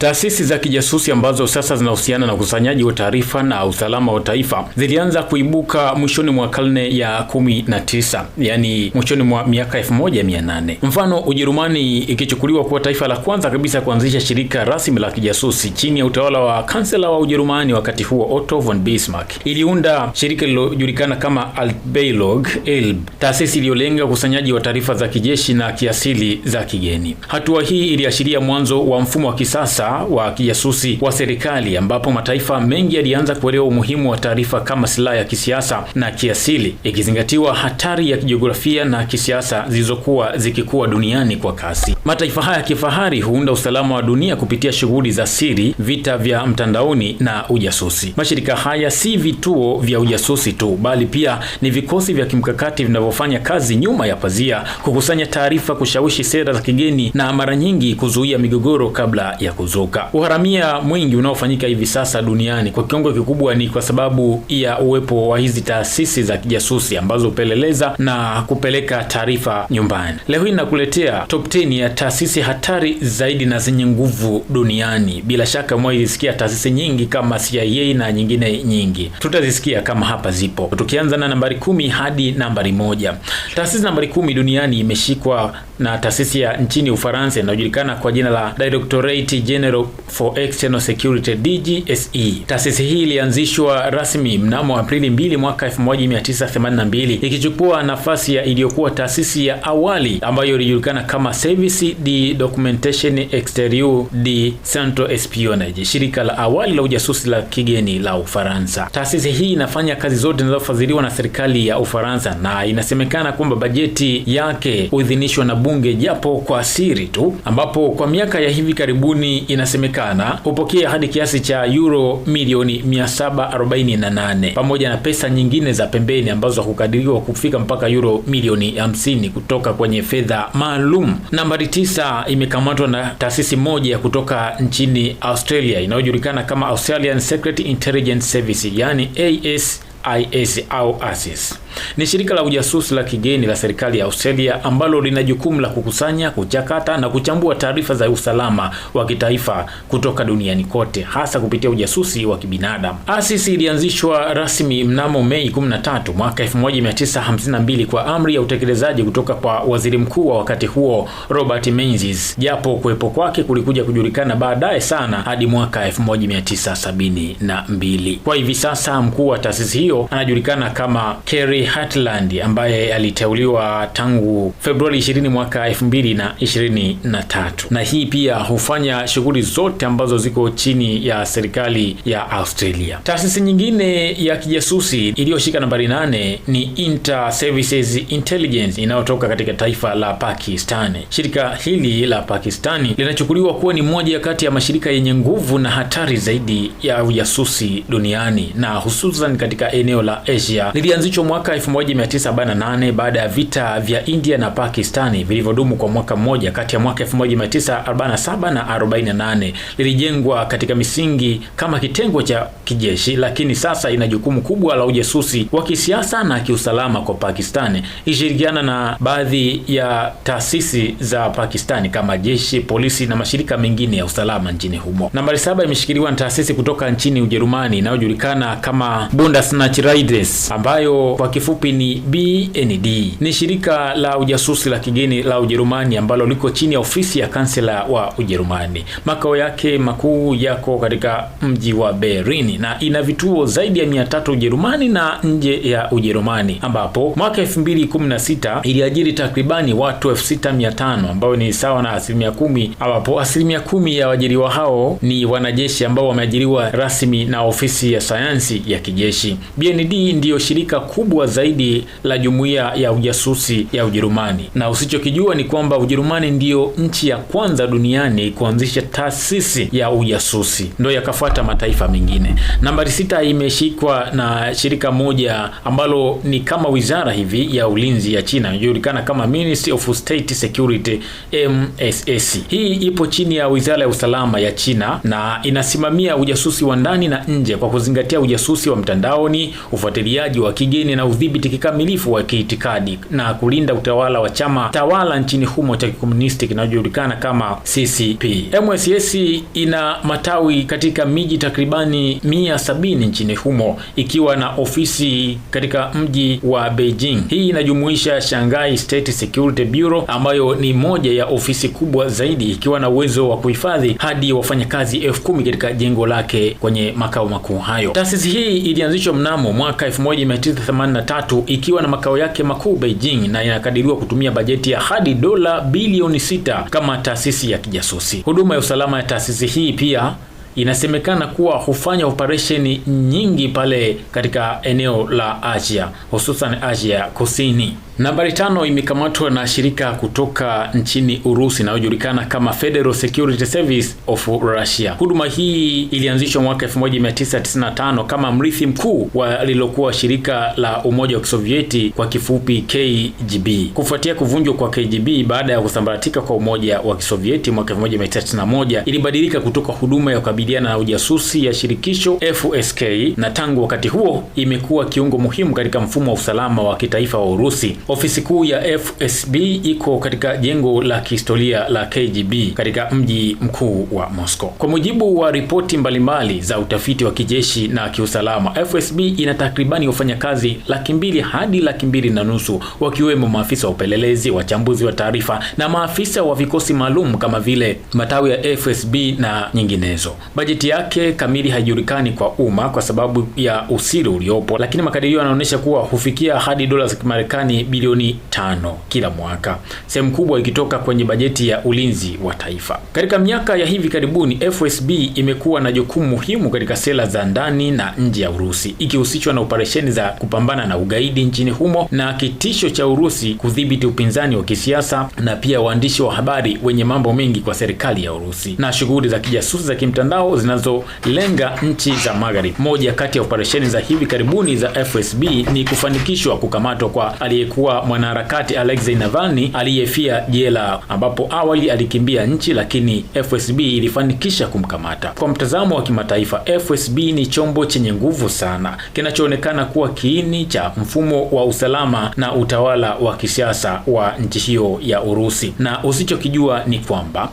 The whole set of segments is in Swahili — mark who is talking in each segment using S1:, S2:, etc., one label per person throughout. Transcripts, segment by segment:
S1: Taasisi za kijasusi ambazo sasa zinahusiana na ukusanyaji wa taarifa na usalama wa taifa zilianza kuibuka mwishoni mwa karne ya kumi na tisa, yaani mwishoni mwa miaka elfu moja mia nane. Mfano, Ujerumani ikichukuliwa kuwa taifa la kwanza kabisa kuanzisha shirika rasmi la kijasusi chini ya utawala wa kansela wa Ujerumani wakati huo Otto von Bismarck, iliunda shirika lililojulikana kama Altbelog Elb, taasisi iliyolenga ukusanyaji wa taarifa za kijeshi na kiasili za kigeni. Hatua hii iliashiria mwanzo wa mfumo wa kisasa wa kijasusi wa serikali ambapo mataifa mengi yalianza kuelewa umuhimu wa taarifa kama silaha ya kisiasa na kiasili, ikizingatiwa hatari ya kijiografia na kisiasa zilizokuwa zikikuwa duniani kwa kasi. Mataifa haya ya kifahari huunda usalama wa dunia kupitia shughuli za siri, vita vya mtandaoni na ujasusi. Mashirika haya si vituo vya ujasusi tu, bali pia ni vikosi vya kimkakati vinavyofanya kazi nyuma ya pazia, kukusanya taarifa, kushawishi sera za kigeni na mara nyingi kuzuia migogoro kabla ya kuzuka. Uharamia mwingi unaofanyika hivi sasa duniani kwa kiwango kikubwa ni kwa sababu ya uwepo wa hizi taasisi za kijasusi ambazo hupeleleza na kupeleka taarifa nyumbani. Leo hii nakuletea top 10 ya taasisi hatari zaidi na zenye nguvu duniani. Bila shaka umewaisikia taasisi nyingi kama CIA na nyingine nyingi, tutazisikia kama hapa zipo, tukianza na nambari kumi hadi nambari moja. Taasisi nambari kumi duniani imeshikwa na taasisi ya nchini Ufaransa inayojulikana kwa jina la Directorate General for External Security DGSE. Taasisi hii ilianzishwa rasmi mnamo Aprili 2 mwaka 1982 ikichukua nafasi ya iliyokuwa taasisi ya awali ambayo ilijulikana kama Service Ofisi di Documentation Exterieur di Centro Espionage, shirika la awali la ujasusi la kigeni la Ufaransa. Taasisi hii inafanya kazi zote zinazofadhiliwa na serikali ya Ufaransa na inasemekana kwamba bajeti yake huidhinishwa na bunge japo kwa siri tu, ambapo kwa miaka ya hivi karibuni inasemekana hupokea hadi kiasi cha euro milioni 748 pamoja na pesa nyingine za pembeni ambazo hukadiriwa kufika mpaka euro milioni 50 kutoka kwenye fedha maalum. Nambari tisa imekamatwa na taasisi moja kutoka nchini Australia inayojulikana kama Australian Secret Intelligence Service, yani ASIS au ASIS. Ni shirika la ujasusi la kigeni la serikali ya Australia ambalo lina jukumu la kukusanya, kuchakata na kuchambua taarifa za usalama wa kitaifa kutoka duniani kote, hasa kupitia ujasusi wa kibinadamu. Asisi ilianzishwa rasmi mnamo Mei 13 mwaka 1952 kwa amri ya utekelezaji kutoka kwa waziri mkuu wa wakati huo Robert Menzies, japo kuwepo kwake kulikuja kujulikana baadaye sana hadi mwaka 1972. Kwa hivi sasa mkuu wa taasisi hiyo anajulikana kama Kerry Roy Hartland ambaye aliteuliwa tangu Februari 20 mwaka 2023, na, na hii pia hufanya shughuli zote ambazo ziko chini ya serikali ya Australia. Taasisi nyingine ya kijasusi iliyoshika nambari nane ni Inter Services Intelligence inayotoka katika taifa la Pakistani. Shirika hili la Pakistani linachukuliwa kuwa ni moja kati ya mashirika yenye nguvu na hatari zaidi ya ujasusi duniani na hususan katika eneo la Asia. Lilianzishwa mwaka mwaka 1948 baada ya vita vya India na Pakistani vilivyodumu kwa mwaka mmoja kati ya mwaka 1947 na 48, lilijengwa katika misingi kama kitengo cha kijeshi, lakini sasa ina jukumu kubwa la ujasusi wa kisiasa na kiusalama kwa Pakistani, ikishirikiana na baadhi ya taasisi za Pakistani kama jeshi, polisi na mashirika mengine ya usalama nchini humo. Nambari saba imeshikiliwa na taasisi kutoka nchini Ujerumani inayojulikana kama Bundesnachrichtendienst ambayo kwa kifupi ni BND, ni shirika la ujasusi la kigeni la Ujerumani ambalo liko chini ya ofisi ya kansela wa Ujerumani. Makao yake makuu yako katika mji wa Berlin na ina vituo zaidi ya 300 Ujerumani na nje ya Ujerumani, ambapo mwaka 2016 iliajiri takribani watu 6500 ambao ni sawa na asilimia kumi, ambapo asilimia kumi ya waajiriwa hao ni wanajeshi ambao wameajiriwa rasmi na ofisi ya sayansi ya kijeshi. BND ndiyo shirika kubwa zaidi la jumuiya ya ujasusi ya Ujerumani, na usichokijua ni kwamba Ujerumani ndiyo nchi ya kwanza duniani kuanzisha taasisi ya ujasusi, ndo yakafuata mataifa mengine. Nambari sita imeshikwa na shirika moja ambalo ni kama wizara hivi ya ulinzi ya China inajulikana kama Ministry of State Security MSS. Hii ipo chini ya wizara ya usalama ya China na inasimamia ujasusi wa ndani na nje kwa kuzingatia ujasusi wa mtandaoni, ufuatiliaji wa kigeni na kudhibiti kikamilifu wa kiitikadi na kulinda utawala wa chama tawala nchini humo cha kikomunisti kinachojulikana kama CCP. MSS ina matawi katika miji takribani mia sabini nchini humo ikiwa na ofisi katika mji wa Beijing. Hii inajumuisha Shanghai State Security Bureau ambayo ni moja ya ofisi kubwa zaidi ikiwa na uwezo wa kuhifadhi hadi wafanyakazi elfu kumi katika jengo lake kwenye makao makuu hayo. Taasisi hii ilianzishwa mnamo mwaka 1983 tatu ikiwa na makao yake makuu Beijing na inakadiriwa kutumia bajeti ya hadi dola bilioni sita kama taasisi ya kijasusi. Huduma ya usalama ya taasisi hii pia inasemekana kuwa hufanya operesheni nyingi pale katika eneo la Asia, hususan Asia Kusini. Nambari tano imekamatwa na shirika kutoka nchini Urusi inayojulikana kama Federal Security Service of Russia. Huduma hii ilianzishwa mwaka 1995 kama mrithi mkuu wa lilokuwa shirika la Umoja wa Kisovieti kwa kifupi KGB. Kufuatia kuvunjwa kwa KGB baada ya kusambaratika kwa Umoja wa Kisovieti mwaka 1991, ilibadilika kutoka huduma ya kukabiliana na ujasusi ya shirikisho FSK na tangu wakati huo imekuwa kiungo muhimu katika mfumo wa usalama wa kitaifa wa Urusi. Ofisi kuu ya FSB iko katika jengo la kihistoria la KGB katika mji mkuu wa Moscow. Kwa mujibu wa ripoti mbalimbali za utafiti wa kijeshi na kiusalama, FSB ina takribani wafanyakazi laki mbili hadi laki mbili na nusu wakiwemo maafisa wa upelelezi, wachambuzi wa taarifa na maafisa wa vikosi maalum kama vile matawi ya FSB na nyinginezo. Bajeti yake kamili haijulikani kwa umma kwa sababu ya usiri uliopo, lakini makadirio yanaonyesha kuwa hufikia hadi dola za Kimarekani bilioni tano kila mwaka, sehemu kubwa ikitoka kwenye bajeti ya ulinzi wa taifa. Katika miaka ya hivi karibuni, FSB imekuwa na jukumu muhimu katika sera za ndani na nje ya Urusi, ikihusishwa na operesheni za kupambana na ugaidi nchini humo na kitisho cha Urusi kudhibiti upinzani wa kisiasa na pia waandishi wa habari wenye mambo mengi kwa serikali ya Urusi na shughuli za kijasusi za kimtandao zao zinazolenga nchi za magharibi. Moja kati ya operesheni za hivi karibuni za FSB ni kufanikishwa kukamatwa kwa aliyekuwa mwanaharakati Alexei Navalny aliyefia jela, ambapo awali alikimbia nchi, lakini FSB ilifanikisha kumkamata. Kwa mtazamo wa kimataifa, FSB ni chombo chenye nguvu sana kinachoonekana kuwa kiini cha mfumo wa usalama na utawala wa kisiasa wa nchi hiyo ya Urusi, na usichokijua ni kwamba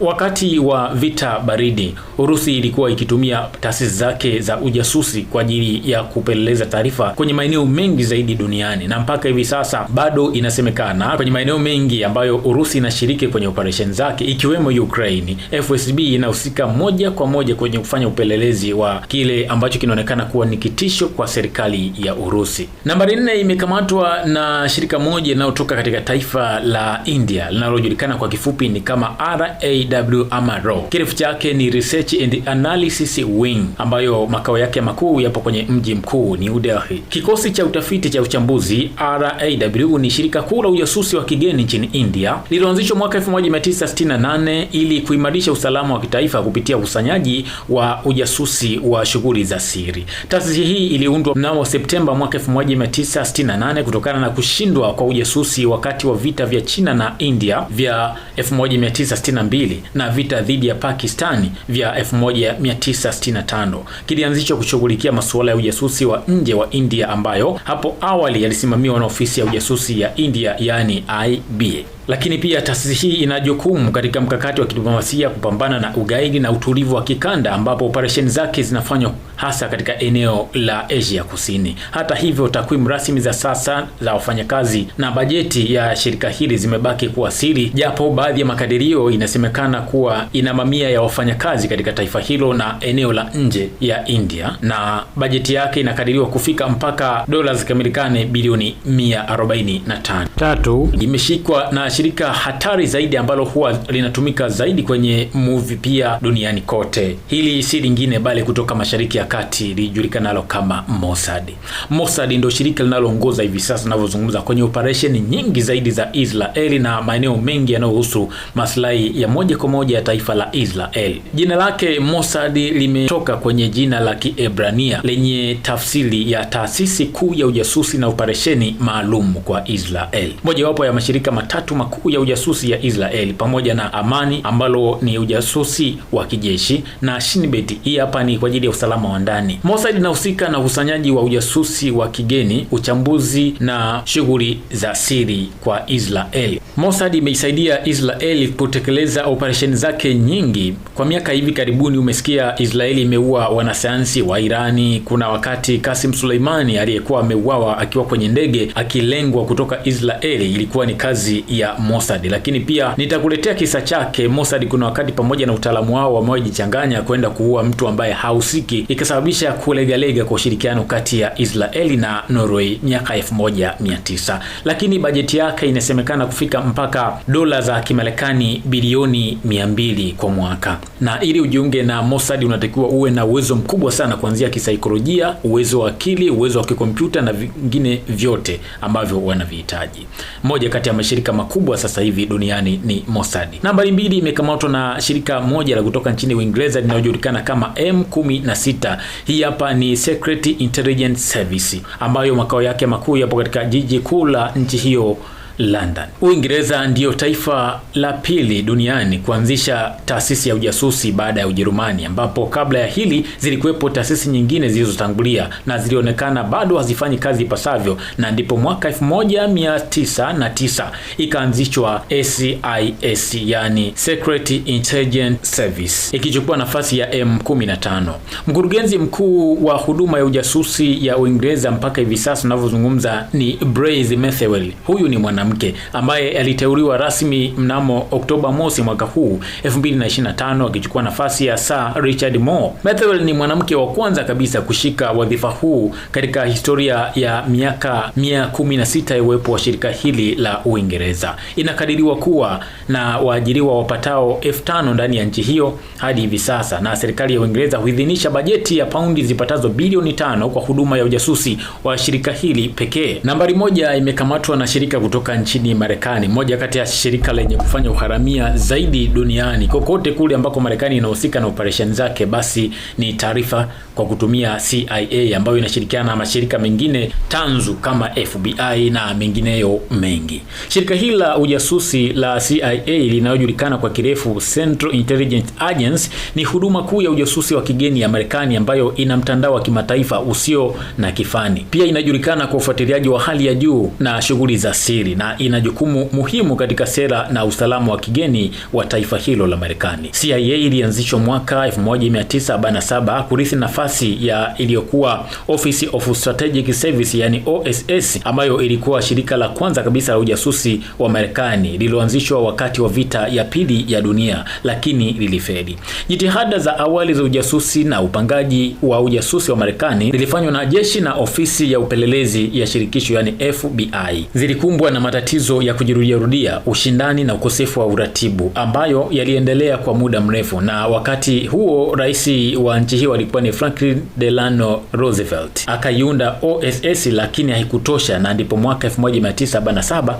S1: wakati wa vita baridi Urusi ilikuwa ikitumia taasisi zake za ujasusi kwa ajili ya kupeleleza taarifa kwenye maeneo mengi zaidi duniani, na mpaka hivi sasa bado inasemekana kwenye maeneo mengi ambayo Urusi inashiriki kwenye operesheni zake ikiwemo Ukraini, FSB inahusika moja kwa moja kwenye kufanya upelelezi wa kile ambacho kinaonekana kuwa ni kitisho kwa serikali ya Urusi. Nambari nne imekamatwa na shirika moja linalotoka katika taifa la India linalojulikana kwa kifupi ni kama RAW ama RAW. Kirefu chake ni research and Analysis Wing ambayo makao yake makuu yapo kwenye mji mkuu New Delhi. Kikosi cha utafiti cha uchambuzi RAW ni shirika kuu la ujasusi wa kigeni nchini India lilianzishwa mwaka 1968 ili kuimarisha usalama wa kitaifa kupitia ukusanyaji wa ujasusi wa shughuli za siri. Taasisi hii iliundwa mnamo Septemba mwaka 1968 kutokana na kushindwa kwa ujasusi wakati wa vita vya China na India vya 1962 na vita dhidi ya Pakistani vya 1965 kilianzishwa kushughulikia masuala ya ujasusi wa nje wa India ambayo hapo awali yalisimamiwa na ofisi ya ujasusi ya India yaani IB. Lakini pia taasisi hii ina jukumu katika mkakati wa kidiplomasia kupambana na ugaidi na utulivu wa kikanda, ambapo operesheni zake zinafanywa hasa katika eneo la Asia Kusini. Hata hivyo, takwimu rasmi za sasa za wafanyakazi na bajeti ya shirika hili zimebaki kuwa siri, japo baadhi ya makadirio inasemekana kuwa ina mamia ya wafanyakazi katika taifa hilo na eneo la nje ya India, na bajeti yake inakadiriwa kufika mpaka dola za Kimarekani bilioni 145. Tatu, imeshikwa na shirika hatari zaidi ambalo huwa linatumika zaidi kwenye muvi pia duniani kote. Hili si lingine bali kutoka Mashariki ya Kati lilijulikanalo kama Mossad. Mossad ndio shirika linaloongoza hivi sasa inavyozungumza kwenye operesheni nyingi zaidi za Israeli na maeneo mengi yanayohusu maslahi ya moja kwa moja ya taifa la israel Jina lake Mossad limetoka kwenye jina la Kiebrania lenye tafsiri ya taasisi kuu ya ujasusi na operesheni maalum kwa israel mojawapo ya mashirika matatu makuu ya ujasusi ya Israeli pamoja na amani ambalo ni ujasusi wa kijeshi na Shinbet. Hii hapa ni kwa ajili ya usalama wa ndani. Mossad inahusika na ukusanyaji wa ujasusi wa kigeni, uchambuzi na shughuli za siri kwa Israeli. Mossad imeisaidia Israeli kutekeleza operesheni zake nyingi kwa miaka. Hivi karibuni umesikia Israeli imeua wanasayansi wa Irani. Kuna wakati Kasim Suleimani aliyekuwa ameuawa akiwa kwenye ndege akilengwa kutoka Israeli, ilikuwa ni kazi ya Mossad, lakini pia nitakuletea kisa chake Mossad. Kuna wakati pamoja na utaalamu wao wamewajichanganya kwenda kuua mtu ambaye hahusiki, ikasababisha kulegalega kwa ushirikiano kati ya Israeli na Norway miaka 1900, lakini bajeti yake inasemekana kufika mpaka dola za Kimarekani bilioni 200 kwa mwaka, na ili ujiunge na Mossad unatakiwa uwe na uwezo mkubwa sana kuanzia kisaikolojia, uwezo wa akili, uwezo wa kikompyuta na vingine vyote ambavyo wanavihitaji. Moja kati ya mashirika makubwa kubwa sasa hivi duniani ni Mossad. Nambari mbili imekamatwa na shirika moja la kutoka nchini Uingereza linalojulikana kama M16. Hii hapa ni Secret Intelligence Service ambayo makao yake makuu yapo katika jiji kuu la nchi hiyo London. Uingereza ndiyo taifa la pili duniani kuanzisha taasisi ya ujasusi baada ya Ujerumani, ambapo kabla ya hili zilikuwepo taasisi nyingine zilizotangulia na zilionekana bado hazifanyi kazi ipasavyo, na ndipo mwaka 1909 ikaanzishwa SIS, yani Secret Intelligence Service, ikichukua nafasi ya M15. Mkurugenzi mkuu wa huduma ya ujasusi ya Uingereza mpaka hivi sasa unavyozungumza ni Blaise Methewell. Huyu ni mwana mwanamke ambaye aliteuliwa rasmi mnamo Oktoba mosi mwaka huu 2025 akichukua nafasi ya Sir Richard Moore. methwel ni mwanamke wa kwanza kabisa kushika wadhifa huu katika historia ya miaka 116 ya uwepo wa shirika hili la Uingereza. Inakadiriwa kuwa na waajiriwa wapatao 5 ndani ya nchi hiyo hadi hivi sasa, na serikali ya Uingereza huidhinisha bajeti ya paundi zipatazo bilioni tano kwa huduma ya ujasusi wa shirika hili pekee. Nambari moja imekamatwa na shirika kutoka nchini Marekani, moja kati ya shirika lenye kufanya uharamia zaidi duniani. Kokote kule ambako Marekani inahusika na operesheni zake, basi ni taarifa kwa kutumia CIA ambayo inashirikiana na mashirika mengine tanzu kama FBI na mengineyo mengi. Shirika hili la ujasusi la CIA linalojulikana kwa kirefu Central Intelligence Agency ni huduma kuu ya ujasusi wa kigeni ya Marekani ambayo ina mtandao wa kimataifa usio na kifani. Pia inajulikana kwa ufuatiliaji wa hali ya juu na shughuli za siri na ina jukumu muhimu katika sera na usalama wa kigeni wa taifa hilo la Marekani. CIA ilianzishwa mwaka 1947 kurithi nafasi ya iliyokuwa Office of Strategic Service, yani OSS, ambayo ilikuwa shirika la kwanza kabisa la ujasusi wa Marekani lililoanzishwa wakati wa vita ya pili ya dunia, lakini lilifeli. Jitihada za awali za ujasusi na upangaji wa ujasusi wa Marekani zilifanywa na jeshi na ofisi ya upelelezi ya shirikisho, yani FBI, zilikumbwa na matatizo ya kujirudiarudia, ushindani na ukosefu wa uratibu ambayo yaliendelea kwa muda mrefu, na wakati huo rais wa nchi hiyo alikuwa ni Franklin Delano Roosevelt. Akaiunda OSS lakini haikutosha, na ndipo mwaka 1977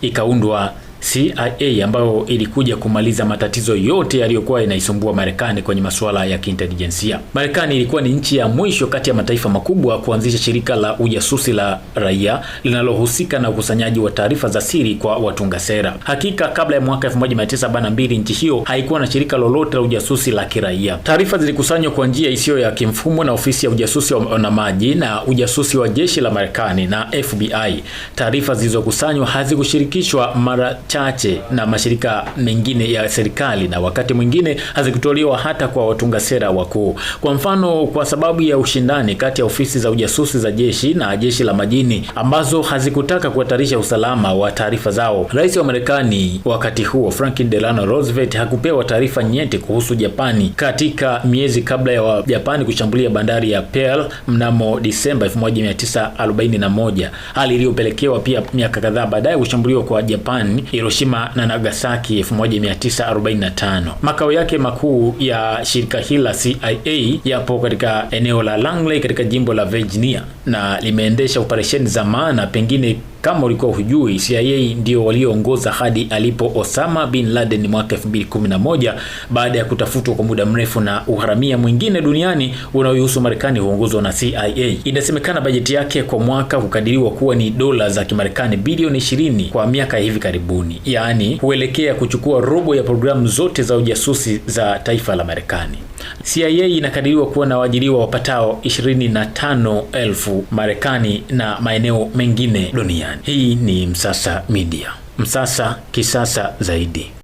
S1: ikaundwa CIA ambayo ilikuja kumaliza matatizo yote yaliyokuwa inaisumbua Marekani kwenye masuala ya kiintelijensia. Marekani ilikuwa ni nchi ya mwisho kati ya mataifa makubwa kuanzisha shirika la ujasusi la raia linalohusika na ukusanyaji wa taarifa za siri kwa watunga sera. Hakika kabla ya mwaka 1972 nchi hiyo haikuwa na shirika lolote la ujasusi la kiraia. Taarifa zilikusanywa kwa njia isiyo ya kimfumo na ofisi ya ujasusi wa maji na ujasusi wa jeshi la Marekani na FBI. Taarifa zilizokusanywa hazikushirikishwa mara chache na mashirika mengine ya serikali na wakati mwingine hazikutolewa hata kwa watunga sera wakuu. Kwa mfano, kwa sababu ya ushindani kati ya ofisi za ujasusi za jeshi na jeshi la majini ambazo hazikutaka kuhatarisha usalama wa taarifa zao, rais wa Marekani wakati huo Franklin Delano Roosevelt hakupewa taarifa nyeti kuhusu Japani katika miezi kabla ya Japani kushambulia bandari ya Pearl mnamo Disemba 1941, hali iliyopelekewa pia miaka kadhaa baadaye kushambuliwa kwa Japani Hiroshima na Nagasaki 1945. Makao yake makuu ya shirika hili la CIA yapo katika eneo la Langley katika jimbo la Virginia na limeendesha operesheni za maana pengine kama ulikuwa hujui, CIA ndio walioongoza hadi alipo Osama bin Laden mwaka 2011 baada ya kutafutwa kwa muda mrefu. Na uharamia mwingine duniani unaohusu Marekani huongozwa na CIA. Inasemekana bajeti yake kwa mwaka hukadiriwa kuwa ni dola za Kimarekani bilioni 20 kwa miaka ya hivi karibuni, yaani huelekea kuchukua robo ya programu zote za ujasusi za taifa la Marekani. CIA inakadiriwa kuwa na waajiriwa wapatao 25,000 Marekani na maeneo mengine duniani duniani. Hii ni Msasa Media, Msasa kisasa zaidi.